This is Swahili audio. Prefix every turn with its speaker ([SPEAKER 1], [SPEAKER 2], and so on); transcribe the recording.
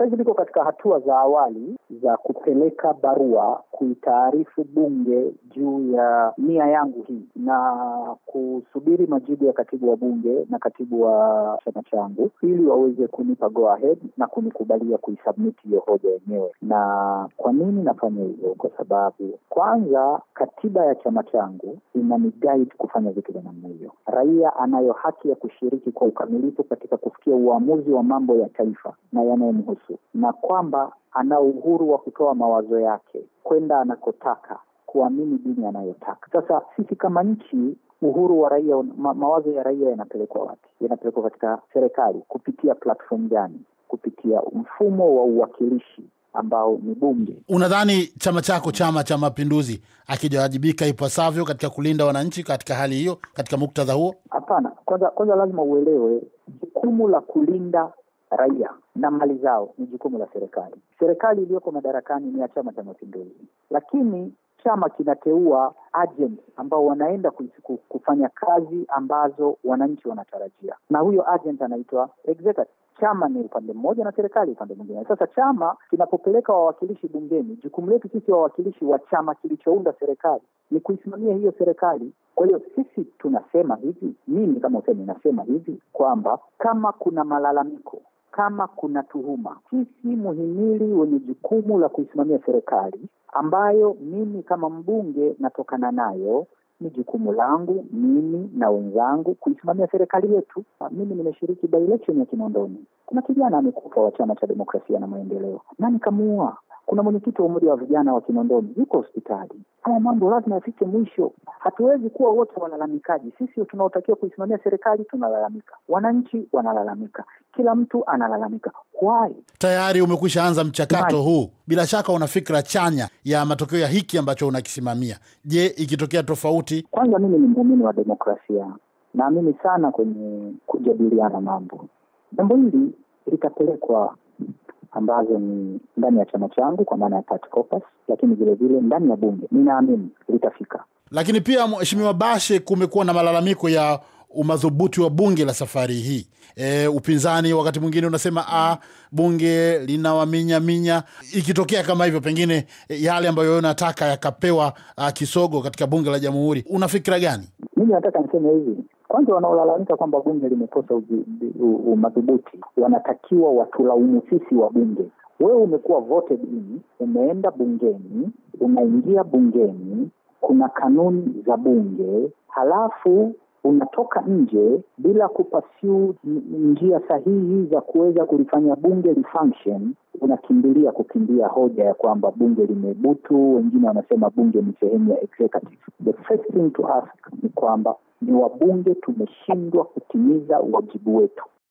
[SPEAKER 1] Sasa hivi liko katika hatua za awali za kupeleka barua kuitaarifu bunge juu ya nia yangu hii na kusubiri majibu ya katibu wa bunge na katibu wa chama changu ili waweze kunipa go ahead na kunikubalia kuisubmiti hiyo hoja yenyewe. Na kwa nini nafanya hivyo? Kwa sababu kwanza, katiba ya chama changu inaniguide kufanya vitu vya namna hiyo. Raia anayo haki ya kushiriki kwa ukamilifu katika kufikia uamuzi wa mambo ya taifa na yanayomhusu, na kwamba ana uhuru wa kutoa mawazo yake kwenda anakotaka kuamini dini anayotaka. Sasa sisi kama nchi uhuru wa raia ma, mawazo ya raia yanapelekwa wapi? Yanapelekwa katika serikali kupitia platform gani? Kupitia mfumo wa uwakilishi ambao ni bunge.
[SPEAKER 2] Unadhani chama chako Chama cha Mapinduzi akijawajibika ipasavyo katika kulinda wananchi katika hali hiyo, katika muktadha huo? Hapana.
[SPEAKER 1] Kwanza kwanza lazima uelewe jukumu la kulinda raia na mali zao ni jukumu la serikali. Serikali iliyoko madarakani ni ya Chama cha Mapinduzi, lakini chama kinateua agent ambao wanaenda kufanya kazi ambazo wananchi wanatarajia, na huyo agent anaitwa executive. Chama ni upande mmoja na serikali upande mwingine. Sasa chama kinapopeleka wawakilishi bungeni, jukumu letu sisi wawakilishi wa chama kilichounda serikali ni kuisimamia hiyo serikali. Kwa hiyo sisi tunasema hivi, mimi kama usemi nasema hivi kwamba kama kuna malalamiko kama kuna tuhuma. Sisi muhimili wenye jukumu la kuisimamia serikali ambayo mimi kama mbunge natokana nayo ni jukumu langu mimi na wenzangu kuisimamia serikali yetu. Mimi nimeshiriki by election ya Kinondoni, kuna kijana amekufa wa Chama cha Demokrasia na Maendeleo na nikamuua. Kuna mwenyekiti wa umoja wa vijana wa Kinondoni yuko hospitali. Haya mambo lazima yafike mwisho. Hatuwezi kuwa wote walalamikaji. Sisi tunaotakiwa kuisimamia serikali tunalalamika, wananchi wanalalamika, kila mtu analalamika.
[SPEAKER 2] Why? Tayari umekwisha anza mchakato Why? huu, bila shaka una fikra chanya ya matokeo ya hiki ambacho unakisimamia. Je, ikitokea tofauti? Kwanza mimi ni muumini wa demokrasia, naamini
[SPEAKER 1] sana kwenye kujadiliana mambo. Jambo hili litapelekwa ambazo ni ndani ya chama changu kwa maana ya party caucus, lakini vilevile ndani ya bunge ninaamini litafika.
[SPEAKER 2] Lakini pia Mheshimiwa Bashe, kumekuwa na malalamiko ya umadhubuti wa bunge la safari hii. E, upinzani wakati mwingine unasema a, ah, bunge linawaminyaminya. Ikitokea kama hivyo, pengine e, yale ambayo unataka yakapewa ah, kisogo katika bunge la Jamhuri, unafikira gani?
[SPEAKER 1] Mimi nataka niseme hivi, kwanza wanaolalamika kwamba bunge limekosa madhubuti wanatakiwa watulaumu sisi wa bunge. Wewe umekuwa voted in, umeenda bungeni, unaingia bungeni, kuna kanuni za bunge, halafu unatoka nje bila kupasiu njia sahihi za kuweza kulifanya bunge lifunction unakimbilia kukimbia hoja ya kwamba bunge limebutu, wengine wanasema bunge ni sehemu ya executive. The first thing to ask ni kwamba ni wabunge tumeshindwa kutimiza wajibu wetu